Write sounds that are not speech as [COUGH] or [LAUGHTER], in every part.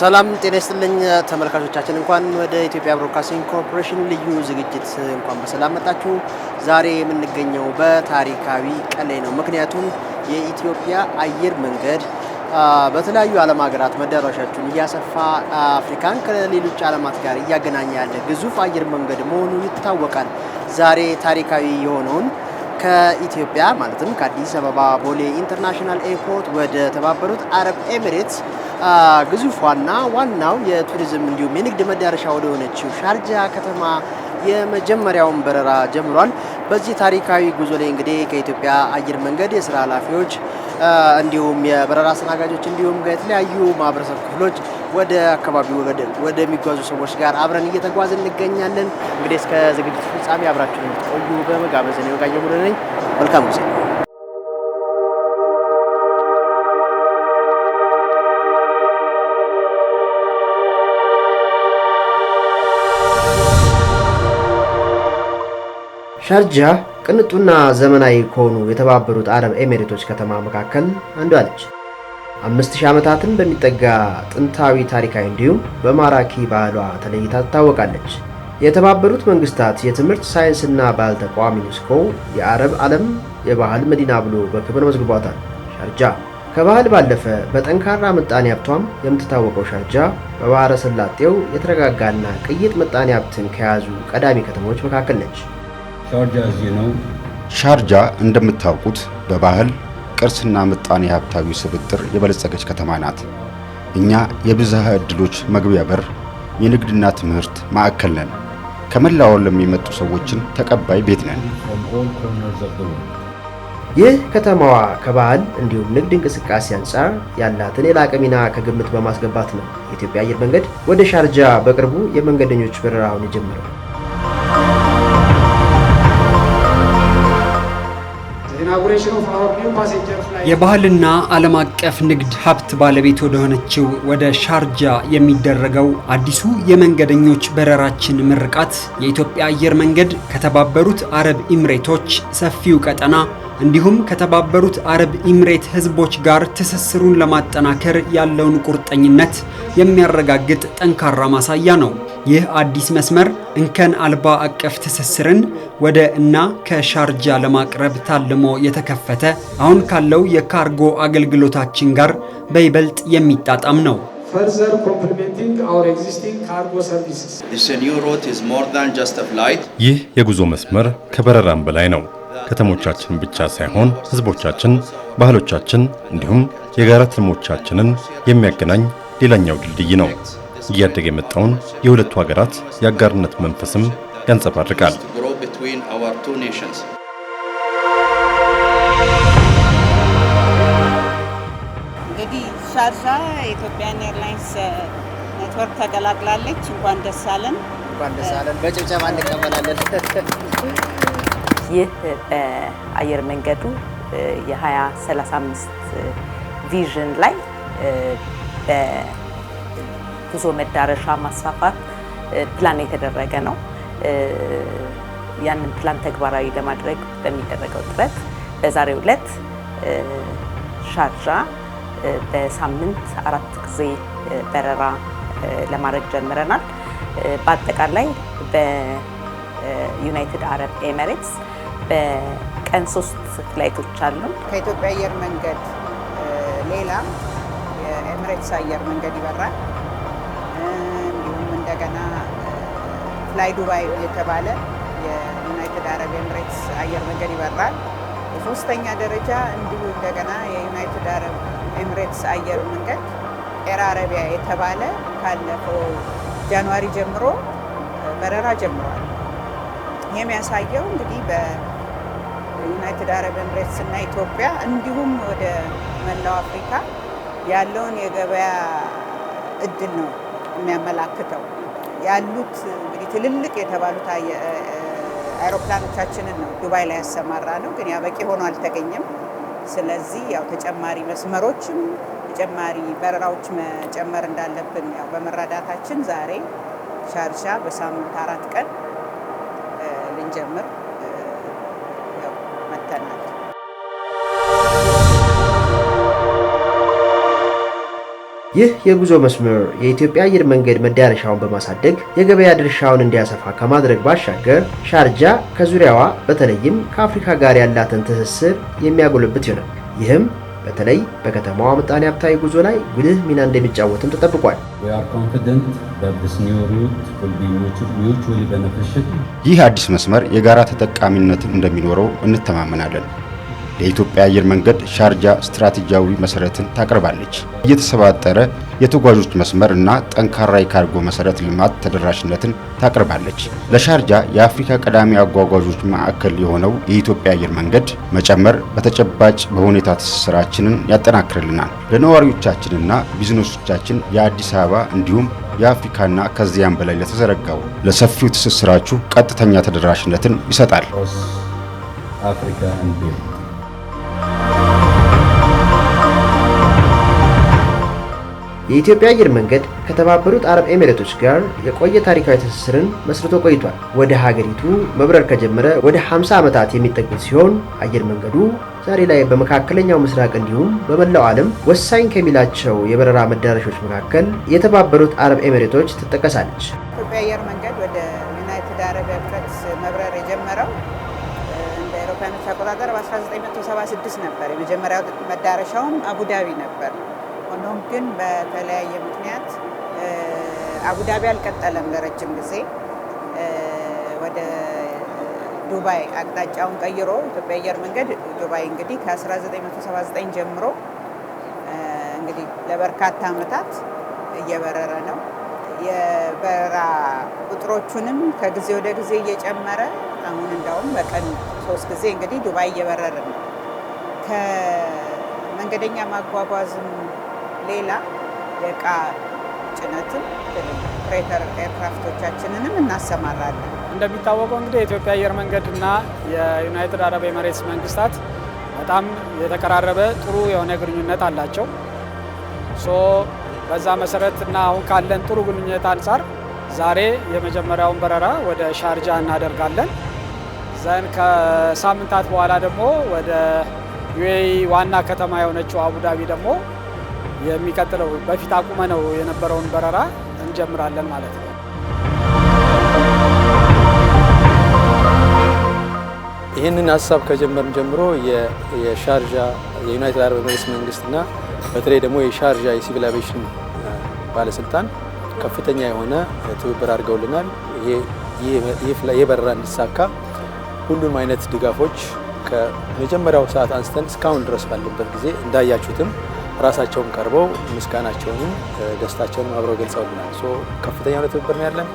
ሰላም ጤና ይስጥልኝ ተመልካቾቻችን፣ እንኳን ወደ ኢትዮጵያ ብሮድካስቲንግ ኮርፖሬሽን ልዩ ዝግጅት እንኳን በሰላም መጣችሁ። ዛሬ የምንገኘው በታሪካዊ ቀን ላይ ነው። ምክንያቱም የኢትዮጵያ አየር መንገድ በተለያዩ ዓለም ሀገራት መዳረሻችሁን እያሰፋ አፍሪካን ከሌሎች ዓለማት ጋር እያገናኘ ያለ ግዙፍ አየር መንገድ መሆኑ ይታወቃል። ዛሬ ታሪካዊ የሆነውን ከኢትዮጵያ ማለትም ከአዲስ አበባ ቦሌ ኢንተርናሽናል ኤርፖርት ወደ ተባበሩት አረብ ኤሚሬትስ ግዙፏና ዋናው የቱሪዝም እንዲሁም የንግድ መዳረሻ ወደ ሆነችው ሻርጃ ከተማ የመጀመሪያውን በረራ ጀምሯል። በዚህ ታሪካዊ ጉዞ ላይ እንግዲህ ከኢትዮጵያ አየር መንገድ የስራ ኃላፊዎች እንዲሁም የበረራ አስተናጋጆች እንዲሁም የተለያዩ ማህበረሰብ ክፍሎች ወደ አካባቢው ወደሚጓዙ ሰዎች ጋር አብረን እየተጓዝ እንገኛለን። እንግዲህ እስከ ዝግጅት ፍጻሜ አብራችሁ እንድትቆዩ በመጋበዝ ነው። ጋየሙሉ ነኝ። መልካም ጊዜ ሻርጃ ቅንጡና ዘመናዊ ከሆኑ የተባበሩት አረብ ኤሜሬቶች ከተማ መካከል አንዷ ነች። አምስት ሺህ ዓመታትን በሚጠጋ ጥንታዊ ታሪካዊ እንዲሁም በማራኪ ባህሏ ተለይታ ትታወቃለች። የተባበሩት መንግስታት የትምህርት ሳይንስና ባህል ተቋም ዩኔስኮ የአረብ ዓለም የባህል መዲና ብሎ በክብር መዝግቧታል። ሻርጃ ከባህል ባለፈ በጠንካራ ምጣኔ ሀብቷም የምትታወቀው ሻርጃ በባህረ ሰላጤው የተረጋጋና ቅይጥ ምጣኔ ሀብትን ከያዙ ቀዳሚ ከተሞች መካከል ነች። ሻርጃ እንደምታውቁት በባህል ቅርስና ምጣኔ ሀብታዊ ስብጥር የበለጸገች ከተማ ናት። እኛ የብዝሃ ዕድሎች መግቢያ በር፣ የንግድና ትምህርት ማዕከል ነን። ከመላው ዓለም ሰዎችን ተቀባይ ቤት ነን። ይህ ከተማዋ ከባህል እንዲሁም ንግድ እንቅስቃሴ አንጻር ያላትን የላቀ ሚና ከግምት በማስገባት ነው የኢትዮጵያ አየር መንገድ ወደ ሻርጃ በቅርቡ የመንገደኞች በረራውን የጀመረው። የባህልና ዓለም አቀፍ ንግድ ሀብት ባለቤት ወደሆነችው ወደ ሻርጃ የሚደረገው አዲሱ የመንገደኞች በረራችን ምርቃት የኢትዮጵያ አየር መንገድ ከተባበሩት አረብ ኢምሬቶች ሰፊው ቀጠና እንዲሁም ከተባበሩት አረብ ኢሚሬት ህዝቦች ጋር ትስስሩን ለማጠናከር ያለውን ቁርጠኝነት የሚያረጋግጥ ጠንካራ ማሳያ ነው። ይህ አዲስ መስመር እንከን አልባ አቀፍ ትስስርን ወደ እና ከሻርጃ ለማቅረብ ታልሞ የተከፈተ አሁን ካለው የካርጎ አገልግሎታችን ጋር በይበልጥ የሚጣጣም ነው። ይህ የጉዞ መስመር ከበረራም በላይ ነው። ከተሞቻችን ብቻ ሳይሆን ህዝቦቻችን፣ ባህሎቻችን እንዲሁም የጋራ ትልሞቻችንን የሚያገናኝ ሌላኛው ድልድይ ነው። እያደገ የመጣውን የሁለቱ ሀገራት የአጋርነት መንፈስም ያንጸባርቃል። እንግዲህ ሻርጃ የኢትዮጵያን ኤርላይንስ ኔትወርክ ተቀላቅላለች። እንኳን ደስ አለን፣ እንኳን ደስ አለን። በጭብጨባ እንቀበላለን። [LAUGHS] ይህ በአየር መንገዱ የ2035 ቪዥን ላይ በጉዞ መዳረሻ ማስፋፋት ፕላን የተደረገ ነው። ያንን ፕላን ተግባራዊ ለማድረግ በሚደረገው ጥረት በዛሬው ዕለት ሻርጃ በሳምንት አራት ጊዜ በረራ ለማድረግ ጀምረናል። በአጠቃላይ በዩናይትድ አረብ ኤሚሬትስ በቀን ሶስት ፍላይቶች አሉ። ከኢትዮጵያ አየር መንገድ ሌላ የኤምሬትስ አየር መንገድ ይበራል። እንዲሁም እንደገና ፍላይ ዱባይ የተባለ የዩናይትድ አረብ ኤምሬትስ አየር መንገድ ይበራል። በሶስተኛ ደረጃ እንዲሁ እንደገና የዩናይትድ አረብ ኤምሬትስ አየር መንገድ ኤር አረቢያ የተባለ ካለፈው ጃንዋሪ ጀምሮ በረራ ጀምሯል። የሚያሳየው እንግዲህ ዩናይትድ አረብ ኤምሬትስ እና ኢትዮጵያ እንዲሁም ወደ መላው አፍሪካ ያለውን የገበያ እድል ነው የሚያመላክተው። ያሉት እንግዲህ ትልልቅ የተባሉት አይሮፕላኖቻችንን ነው ዱባይ ላይ ያሰማራ ነው፣ ግን ያ በቂ ሆኖ አልተገኘም። ስለዚህ ያው ተጨማሪ መስመሮችም ተጨማሪ በረራዎች መጨመር እንዳለብን ያው በመረዳታችን ዛሬ ሻርሻ በሳምንት አራት ቀን ልንጀምር ይህ የጉዞ መስመር የኢትዮጵያ አየር መንገድ መዳረሻውን በማሳደግ የገበያ ድርሻውን እንዲያሰፋ ከማድረግ ባሻገር ሻርጃ ከዙሪያዋ በተለይም ከአፍሪካ ጋር ያላትን ትስስር የሚያጎለብት ይሆናል። ይህም በተለይ በከተማዋ ምጣኔ ሀብታዊ ጉዞ ላይ ጉልህ ሚና እንደሚጫወትም ተጠብቋል። ይህ አዲስ መስመር የጋራ ተጠቃሚነት እንደሚኖረው እንተማመናለን። ለኢትዮጵያ አየር መንገድ ሻርጃ ስትራቴጂያዊ መሰረትን ታቀርባለች። እየተሰባጠረ የተጓዦች መስመር እና ጠንካራ የካርጎ መሰረት ልማት ተደራሽነትን ታቀርባለች። ለሻርጃ የአፍሪካ ቀዳሚ አጓጓዦች ማዕከል የሆነው የኢትዮጵያ አየር መንገድ መጨመር በተጨባጭ በሁኔታ ትስስራችንን ያጠናክርልናል። ለነዋሪዎቻችንና ቢዝነሶቻችን የአዲስ አበባ እንዲሁም የአፍሪካና ከዚያም በላይ ለተዘረጋው ለሰፊው ትስስራችሁ ቀጥተኛ ተደራሽነትን ይሰጣል። የኢትዮጵያ አየር መንገድ ከተባበሩት አረብ ኤሚሬቶች ጋር የቆየ ታሪካዊ ትስስርን መስርቶ ቆይቷል። ወደ ሀገሪቱ መብረር ከጀመረ ወደ 50 ዓመታት የሚጠጉ ሲሆን አየር መንገዱ ዛሬ ላይ በመካከለኛው ምስራቅ እንዲሁም በመላው ዓለም ወሳኝ ከሚላቸው የበረራ መዳረሾች መካከል የተባበሩት አረብ ኤሚሬቶች ትጠቀሳለች። ኢትዮጵያ አየር መንገድ ወደ ዩናይትድ አረብ ኤሚሬትስ መብረር የጀመረው እንደ አውሮፓውያን አቆጣጠር በ1976 ነበር። የመጀመሪያው መዳረሻውም አቡዳቢ ነበር። ሆኖም ግን በተለያየ ምክንያት አቡዳቢ አልቀጠለም ለረጅም ጊዜ ወደ ዱባይ አቅጣጫውን ቀይሮ ኢትዮጵያ አየር መንገድ ዱባይ እንግዲህ ከ1979 ጀምሮ እንግዲህ ለበርካታ ዓመታት እየበረረ ነው። የበረራ ቁጥሮቹንም ከጊዜ ወደ ጊዜ እየጨመረ አሁን እንደውም በቀን ሶስት ጊዜ እንግዲህ ዱባይ እየበረረ ነው። ከመንገደኛ ማጓጓዝም ሌላ የእቃ ጭነትም ፍሬተር ኤርክራፍቶቻችንንም እናሰማራለን። እንደሚታወቀው እንግዲህ የኢትዮጵያ አየር መንገድ እና የዩናይትድ አረብ ኤምሬትስ መንግስታት በጣም የተቀራረበ ጥሩ የሆነ ግንኙነት አላቸው። ሶ በዛ መሰረት እና አሁን ካለን ጥሩ ግንኙነት አንጻር ዛሬ የመጀመሪያውን በረራ ወደ ሻርጃ እናደርጋለን። ዘን ከሳምንታት በኋላ ደግሞ ወደ ዩኤኢ ዋና ከተማ የሆነችው አቡዳቢ ደግሞ የሚቀጥለው በፊት አቁመነው የነበረውን በረራ እንጀምራለን ማለት ነው። ይህንን ሀሳብ ከጀመርን ጀምሮ የሻርጃ የዩናይትድ አረብ ኤምሬትስ መንግስትና በተለይ ደግሞ የሻርጃ የሲቪል አቪዬሽን ባለስልጣን ከፍተኛ የሆነ ትብብር አድርገውልናል። ይህ በረራ እንዲሳካ ሁሉም አይነት ድጋፎች ከመጀመሪያው ሰዓት አንስተን እስካሁን ድረስ ባለበት ጊዜ እንዳያችሁትም ራሳቸውን ቀርበው ምስጋናቸውንም ደስታቸውንም አብረው ገልጸውልናል። ከፍተኛ ሁነ ትብብር ነው ያለን።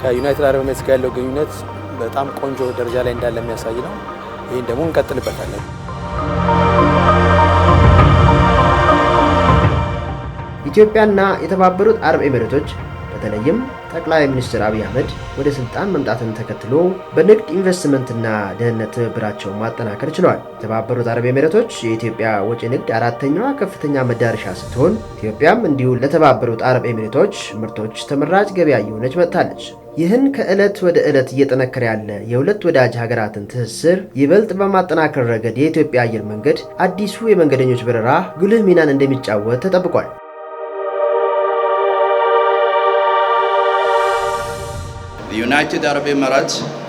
ከዩናይትድ አረብ ኤምሬትስ ጋር ያለው ግንኙነት በጣም ቆንጆ ደረጃ ላይ እንዳለ የሚያሳይ ነው። ይህን ደግሞ እንቀጥልበታለን። ኢትዮጵያና የተባበሩት አረብ ኤምሬቶች በተለይም ጠቅላይ ሚኒስትር አብይ አህመድ ወደ ስልጣን መምጣትን ተከትሎ በንግድ ኢንቨስትመንትና ደህንነት ትብብራቸውን ማጠናከር ችለዋል። የተባበሩት አረብ ኤሚሬቶች የኢትዮጵያ ወጪ ንግድ አራተኛዋ ከፍተኛ መዳረሻ ስትሆን ኢትዮጵያም እንዲሁ ለተባበሩት አረብ ኤሚሬቶች ምርቶች ተመራጭ ገበያ እየሆነች መጥታለች። ይህን ከዕለት ወደ ዕለት እየጠነከረ ያለ የሁለት ወዳጅ ሀገራትን ትስስር ይበልጥ በማጠናከር ረገድ የኢትዮጵያ አየር መንገድ አዲሱ የመንገደኞች በረራ ጉልህ ሚናን እንደሚጫወት ተጠብቋል።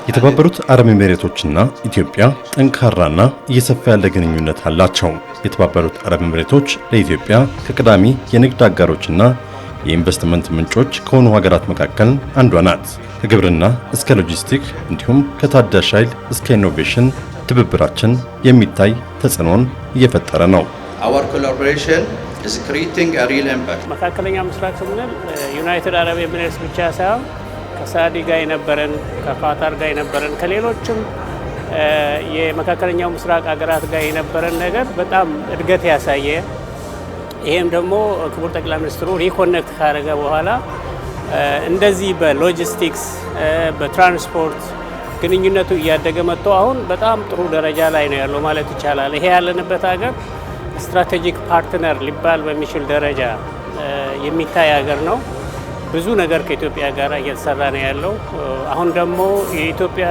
የተባበሩት አረብ ኤምሬቶችና ኢትዮጵያ ጠንካራና እየሰፋ ያለ ግንኙነት አላቸው። የተባበሩት አረብ ኤምሬቶች ለኢትዮጵያ ከቀዳሚ የንግድ አጋሮችና የኢንቨስትመንት ምንጮች ከሆኑ ሀገራት መካከል አንዷ ናት። ከግብርና እስከ ሎጂስቲክ እንዲሁም ከታዳሽ ኃይል እስከ ኢኖቬሽን ትብብራችን የሚታይ ተጽዕኖን እየፈጠረ ነው። መካከለኛ ምስራቅ ስንል ዩናይትድ አረብ ኤምሬትስ ብቻ ሳይሆን ከሳዲ ጋር የነበረን ከፋታር ጋር የነበረን ከሌሎችም የመካከለኛው ምስራቅ ሀገራት ጋር የነበረን ነገር በጣም እድገት ያሳየ ይሄም ደግሞ ክቡር ጠቅላይ ሚኒስትሩ ሪኮኔክት ካደረገ በኋላ እንደዚህ በሎጂስቲክስ በትራንስፖርት ግንኙነቱ እያደገ መጥቶ አሁን በጣም ጥሩ ደረጃ ላይ ነው ያለው ማለት ይቻላል። ይሄ ያለንበት ሀገር ስትራቴጂክ ፓርትነር ሊባል በሚችል ደረጃ የሚታይ ሀገር ነው። ብዙ ነገር ከኢትዮጵያ ጋር እየተሰራ ነው ያለው። አሁን ደግሞ የኢትዮጵያ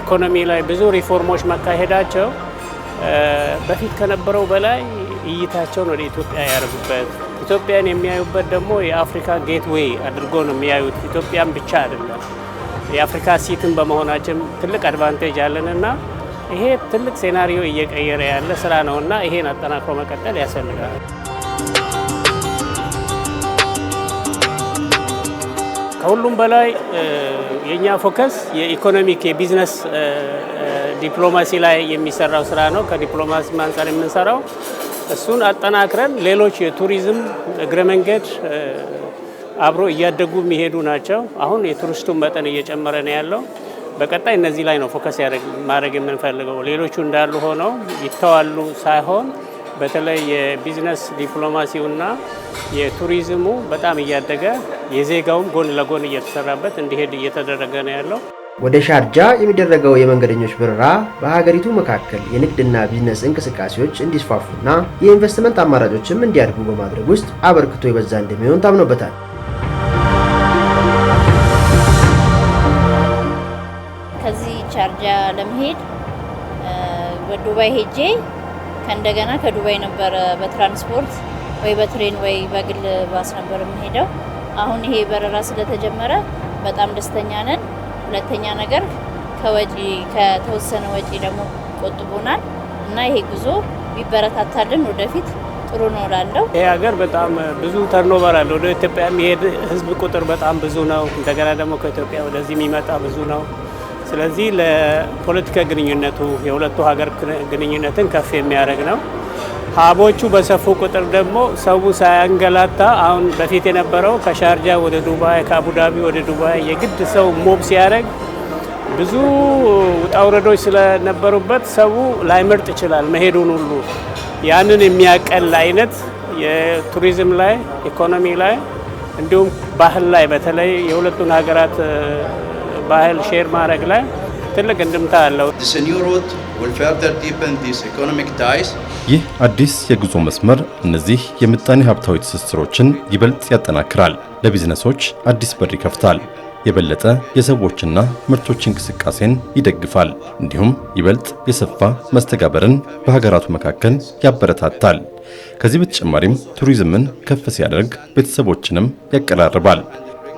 ኢኮኖሚ ላይ ብዙ ሪፎርሞች መካሄዳቸው በፊት ከነበረው በላይ እይታቸውን ወደ ኢትዮጵያ ያደርጉበት ኢትዮጵያን የሚያዩበት ደግሞ የአፍሪካ ጌትዌይ አድርጎ ነው የሚያዩት። ኢትዮጵያን ብቻ አይደለም የአፍሪካ ሲትን በመሆናችን ትልቅ አድቫንቴጅ አለን እና ይሄ ትልቅ ሴናሪዮ እየቀየረ ያለ ስራ ነው እና ይሄን አጠናክሮ መቀጠል ያስፈልጋል። ከሁሉም በላይ የእኛ ፎከስ የኢኮኖሚክ የቢዝነስ ዲፕሎማሲ ላይ የሚሰራው ስራ ነው። ከዲፕሎማሲ አንጻር የምንሰራው እሱን አጠናክረን ሌሎች የቱሪዝም እግረ መንገድ አብሮ እያደጉ የሚሄዱ ናቸው። አሁን የቱሪስቱን መጠን እየጨመረ ነው ያለው። በቀጣይ እነዚህ ላይ ነው ፎከስ ማድረግ የምንፈልገው። ሌሎቹ እንዳሉ ሆነው ይተዋሉ ሳይሆን በተለይ የቢዝነስ ዲፕሎማሲውና የቱሪዝሙ በጣም እያደገ የዜጋውም ጎን ለጎን እየተሰራበት እንዲሄድ እየተደረገ ነው ያለው። ወደ ሻርጃ የሚደረገው የመንገደኞች በረራ በሀገሪቱ መካከል የንግድና ቢዝነስ እንቅስቃሴዎች እንዲስፋፉና የኢንቨስትመንት አማራጮችም እንዲያድጉ በማድረግ ውስጥ አበርክቶ የበዛ እንደሚሆን ታምኖበታል። ከዚህ ቻርጃ ለመሄድ ወደ ሄጄ ከእንደገና ከዱባይ ነበረ በትራንስፖርት ወይ በትሬን ወይ በግል ባስ ነበር የምሄደው። አሁን ይሄ በረራ ስለተጀመረ በጣም ደስተኛ ነን። ሁለተኛ ነገር ከወጪ ከተወሰነ ወጪ ደግሞ ቆጥቦናል እና ይሄ ጉዞ ቢበረታታልን ወደፊት ጥሩ ነው ላለው። ይሄ ሀገር በጣም ብዙ ተርኖቨር አለ። ወደ ኢትዮጵያ የሚሄድ ህዝብ ቁጥር በጣም ብዙ ነው። እንደገና ደግሞ ከኢትዮጵያ ወደዚህ የሚመጣ ብዙ ነው። ስለዚህ ለፖለቲካ ግንኙነቱ የሁለቱ ሀገር ግንኙነትን ከፍ የሚያደርግ ነው። ሀቦቹ በሰፉ ቁጥር ደግሞ ሰው ሳያንገላታ አሁን በፊት የነበረው ከሻርጃ ወደ ዱባይ ከአቡዳቢ ወደ ዱባይ የግድ ሰው ሞብ ሲያደርግ ብዙ ውጣ ውረዶች ስለነበሩበት ሰው ላይመርጥ ይችላል መሄዱን ሁሉ ያንን የሚያቀል አይነት የቱሪዝም ላይ ኢኮኖሚ ላይ እንዲሁም ባህል ላይ በተለይ የሁለቱን ሀገራት ባህል ሼር ማድረግ ላይ ትልቅ እንድምታ አለው። ይህ አዲስ የጉዞ መስመር እነዚህ የምጣኔ ሀብታዊ ትስስሮችን ይበልጥ ያጠናክራል፣ ለቢዝነሶች አዲስ በር ይከፍታል፣ የበለጠ የሰዎችና ምርቶች እንቅስቃሴን ይደግፋል፣ እንዲሁም ይበልጥ የሰፋ መስተጋበርን በሀገራቱ መካከል ያበረታታል። ከዚህ በተጨማሪም ቱሪዝምን ከፍ ሲያደርግ ቤተሰቦችንም ያቀራርባል።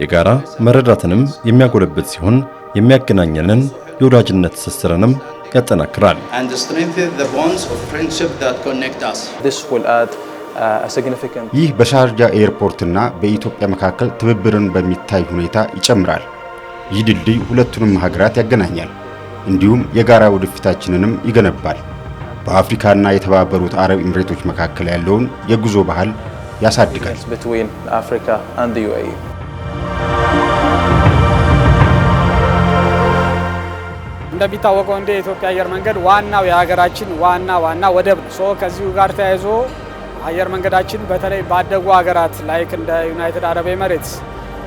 የጋራ መረዳትንም የሚያጎለብት ሲሆን የሚያገናኘንን የወዳጅነት ትስስርንም ያጠናክራል። uh, ይህ በሻርጃ ኤርፖርትና በኢትዮጵያ መካከል ትብብርን በሚታይ ሁኔታ ይጨምራል። ይህ ድልድይ ሁለቱንም ሀገራት ያገናኛል፣ እንዲሁም የጋራ ወደፊታችንንም ይገነባል። በአፍሪካና የተባበሩት አረብ ኤምሬቶች መካከል ያለውን የጉዞ ባህል ያሳድጋል። እንደሚታወቀው እንደ የኢትዮጵያ አየር መንገድ ዋናው የሀገራችን ዋና ዋና ወደብ ነው። ሶ ከዚሁ ጋር ተያይዞ አየር መንገዳችን በተለይ ባደጉ ሀገራት ላይክ እንደ ዩናይትድ አረብ ኤምሬትስ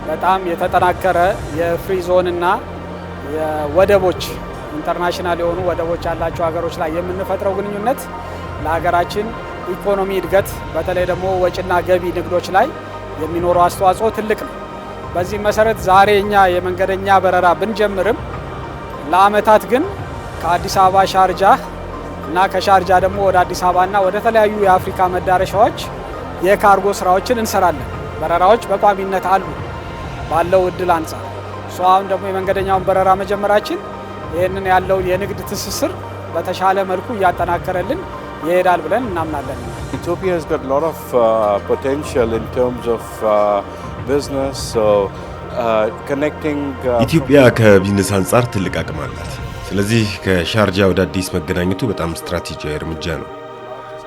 በጣም የተጠናከረ የፍሪ ዞንና የወደቦች ኢንተርናሽናል የሆኑ ወደቦች ያላቸው ሀገሮች ላይ የምንፈጥረው ግንኙነት ለሀገራችን ኢኮኖሚ እድገት በተለይ ደግሞ ወጪና ገቢ ንግዶች ላይ የሚኖረው አስተዋጽኦ ትልቅ ነው። በዚህ መሰረት ዛሬ እኛ የመንገደኛ በረራ ብንጀምርም ለአመታት ግን ከአዲስ አበባ ሻርጃ እና ከሻርጃ ደግሞ ወደ አዲስ አበባ እና ወደ ተለያዩ የአፍሪካ መዳረሻዎች የካርጎ ስራዎችን እንሰራለን። በረራዎች በቋሚነት አሉ ባለው እድል አንጻር እሱ አሁን ደግሞ የመንገደኛውን በረራ መጀመራችን ይህንን ያለውን የንግድ ትስስር በተሻለ መልኩ እያጠናከረልን ይሄዳል ብለን እናምናለን። ኢትዮጵያ Uh, ኢትዮጵያ ከቢዝነስ አንጻር ትልቅ አቅም አላት። ስለዚህ ከሻርጃ ወደ አዲስ መገናኘቱ በጣም ስትራቴጂያዊ እርምጃ ነው።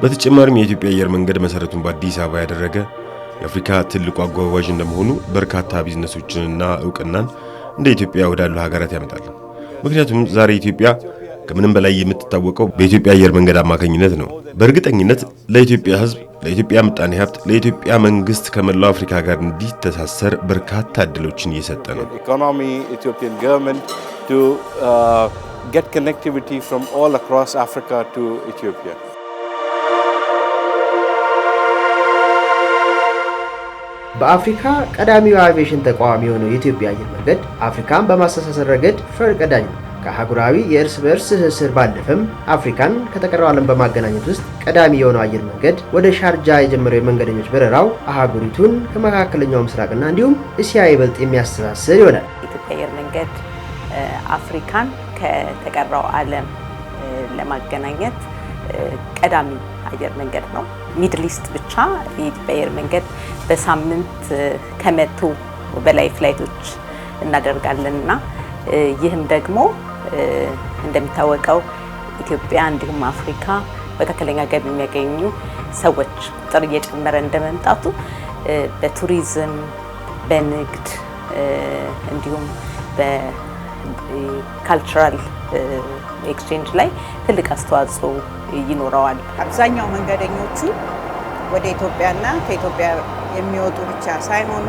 በተጨማሪም የኢትዮጵያ አየር መንገድ መሰረቱን በአዲስ አበባ ያደረገ የአፍሪካ ትልቁ አጓጓዥ እንደመሆኑ በርካታ ቢዝነሶችንና እውቅናን እንደ ኢትዮጵያ ወዳሉ ሀገራት ያመጣል። ምክንያቱም ዛሬ ኢትዮጵያ ከምንም በላይ የምትታወቀው በኢትዮጵያ አየር መንገድ አማካኝነት ነው። በእርግጠኝነት ለኢትዮጵያ ሕዝብ፣ ለኢትዮጵያ ምጣኔ ሀብት፣ ለኢትዮጵያ መንግስት ከመላው አፍሪካ ጋር እንዲተሳሰር በርካታ እድሎችን እየሰጠ ነው። uh, በአፍሪካ ቀዳሚው አቪዬሽን ተቋም የሆነው የኢትዮጵያ አየር መንገድ አፍሪካን በማስተሳሰር ረገድ ፈር ቀዳጅ ነው። ከአህጉራዊ የእርስ በእርስ ትስስር ባለፈም አፍሪካን ከተቀረው ዓለም በማገናኘት ውስጥ ቀዳሚ የሆነው አየር መንገድ ወደ ሻርጃ የጀመረው የመንገደኞች በረራው አህጉሪቱን ከመካከለኛው ምስራቅና እንዲሁም እስያ ይበልጥ የሚያስተሳስር ይሆናል። የኢትዮጵያ አየር መንገድ አፍሪካን ከተቀረው ዓለም ለማገናኘት ቀዳሚ አየር መንገድ ነው። ሚድል ኢስት ብቻ የኢትዮጵያ አየር መንገድ በሳምንት ከመቶ በላይ ፍላይቶች እናደርጋለን እና ይህም ደግሞ እንደሚታወቀው ኢትዮጵያ እንዲሁም አፍሪካ መካከለኛ ገቢ የሚያገኙ ሰዎች ቁጥር እየጨመረ እንደመምጣቱ በቱሪዝም፣ በንግድ እንዲሁም በካልቸራል ኤክስቼንጅ ላይ ትልቅ አስተዋጽኦ ይኖረዋል። አብዛኛው መንገደኞቹ ወደ ኢትዮጵያና ከኢትዮጵያ የሚወጡ ብቻ ሳይሆኑ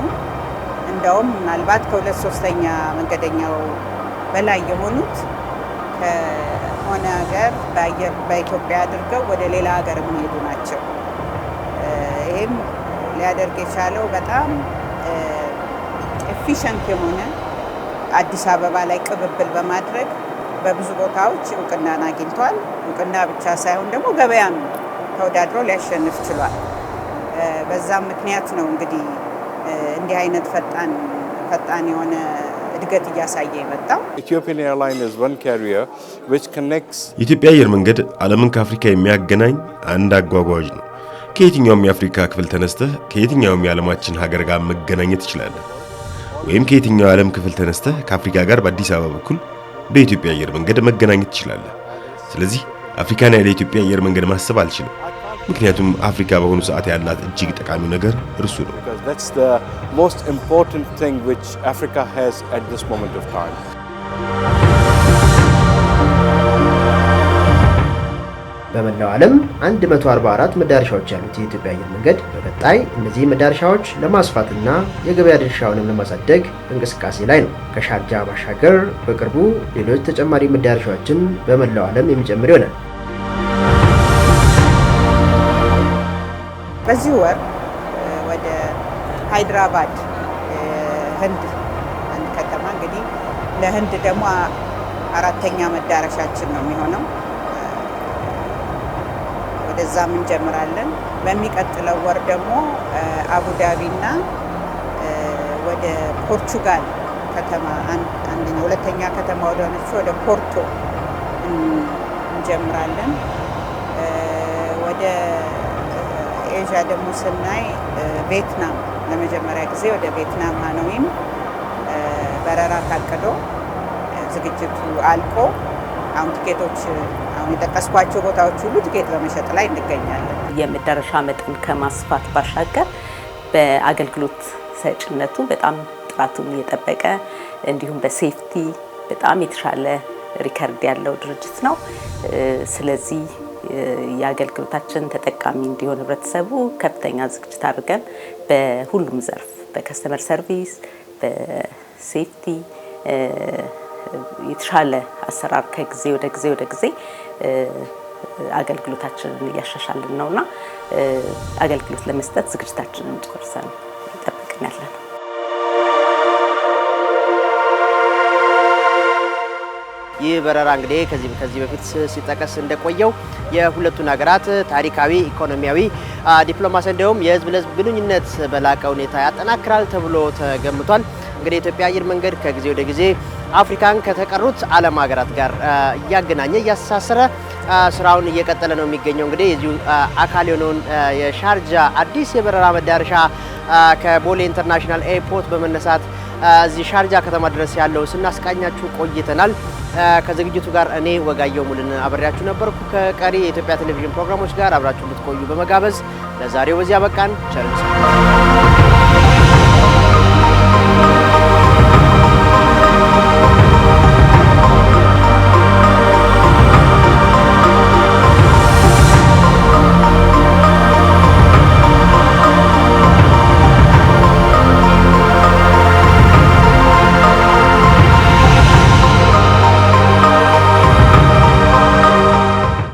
እንደውም ምናልባት ከሁለት ሶስተኛ መንገደኛው በላይ የሆኑት ከሆነ ሀገር በኢትዮጵያ አድርገው ወደ ሌላ ሀገር የሚሄዱ ናቸው። ይህም ሊያደርግ የቻለው በጣም ኤፊሸንት የሆነ አዲስ አበባ ላይ ቅብብል በማድረግ በብዙ ቦታዎች እውቅናን አግኝቷል። እውቅና ብቻ ሳይሆን ደግሞ ገበያም ተወዳድሮ ሊያሸንፍ ችሏል። በዛም ምክንያት ነው እንግዲህ እንዲህ አይነት ፈጣን ፈጣን የሆነ እድገት እያሳየ የመጣው። የኢትዮጵያ አየር መንገድ ዓለምን ከአፍሪካ የሚያገናኝ አንድ አጓጓዥ ነው። ከየትኛውም የአፍሪካ ክፍል ተነስተህ ከየትኛውም የዓለማችን ሀገር ጋር መገናኘት ትችላለህ፣ ወይም ከየትኛው የዓለም ክፍል ተነስተህ ከአፍሪካ ጋር በአዲስ አበባ በኩል በኢትዮጵያ አየር መንገድ መገናኘት ትችላለህ። ስለዚህ አፍሪካን ያለ ኢትዮጵያ አየር መንገድ ማሰብ አልችልም። ምክንያቱም አፍሪካ በአሁኑ ሰዓት ያላት እጅግ ጠቃሚው ነገር እርሱ ነው። በመላው ዓለም 144 መዳረሻዎች ያሉት የኢትዮጵያ አየር መንገድ በቀጣይ እነዚህ መዳረሻዎች ለማስፋትና የገበያ ድርሻውንም ለማሳደግ እንቅስቃሴ ላይ ነው። ከሻርጃ ባሻገር በቅርቡ ሌሎች ተጨማሪ መዳረሻዎችን በመላው ዓለም የሚጨምር ይሆናል። በዚህ ወር ወደ ሃይድራባድ ህንድ አንድ ከተማ እንግዲህ ለህንድ ደግሞ አራተኛ መዳረሻችን ነው የሚሆነው። ወደዛም እንጀምራለን። በሚቀጥለው ወር ደግሞ አቡዳቢና ወደ ፖርቹጋል ከተማ አንደኛ ሁለተኛ ከተማ ወደሆነች ወደ ፖርቶ እንጀምራለን ወደ ኤዥያ ደግሞ ስናይ ቬትናም ለመጀመሪያ ጊዜ ወደ ቬትናም ሃኖይም በረራ ታቅዶ ዝግጅቱ አልቆ አሁን ቲኬቶች አሁን የጠቀስኳቸው ቦታዎች ሁሉ ቲኬት በመሸጥ ላይ እንገኛለን። የመዳረሻ መጠን ከማስፋት ባሻገር በአገልግሎት ሰጭነቱ በጣም ጥራቱን እየጠበቀ እንዲሁም በሴፍቲ በጣም የተሻለ ሪከርድ ያለው ድርጅት ነው። ስለዚህ የአገልግሎታችን ተጠቃሚ እንዲሆን ህብረተሰቡ ከፍተኛ ዝግጅት አድርገን በሁሉም ዘርፍ በከስተመር ሰርቪስ፣ በሴፍቲ የተሻለ አሰራር ከጊዜ ወደ ጊዜ ወደ ጊዜ አገልግሎታችንን እያሻሻልን ነውና አገልግሎት ለመስጠት ዝግጅታችንን ጨርሰን ይጠብቅናል። ይህ በረራ እንግዲህ ከዚህ ከዚህ በፊት ሲጠቀስ እንደቆየው የሁለቱን ሀገራት ታሪካዊ፣ ኢኮኖሚያዊ፣ ዲፕሎማሲ እንዲሁም የህዝብ ለህዝብ ግንኙነት በላቀ ሁኔታ ያጠናክራል ተብሎ ተገምቷል። እንግዲህ የኢትዮጵያ አየር መንገድ ከጊዜ ወደ ጊዜ አፍሪካን ከተቀሩት ዓለም ሀገራት ጋር እያገናኘ እያስተሳሰረ ስራውን እየቀጠለ ነው የሚገኘው። እንግዲህ የዚሁ አካል የሆነውን የሻርጃ አዲስ የበረራ መዳረሻ ከቦሌ ኢንተርናሽናል ኤርፖርት በመነሳት እዚህ ሻርጃ ከተማ ድረስ ያለው ስናስቃኛችሁ ቆይተናል። ከዝግጅቱ ጋር እኔ ወጋየው ሙልን አብሬያችሁ ነበርኩ። ከቀሪ የኢትዮጵያ ቴሌቪዥን ፕሮግራሞች ጋር አብራችሁ ልትቆዩ በመጋበዝ ለዛሬው በዚያ በቃን። ቸርንስ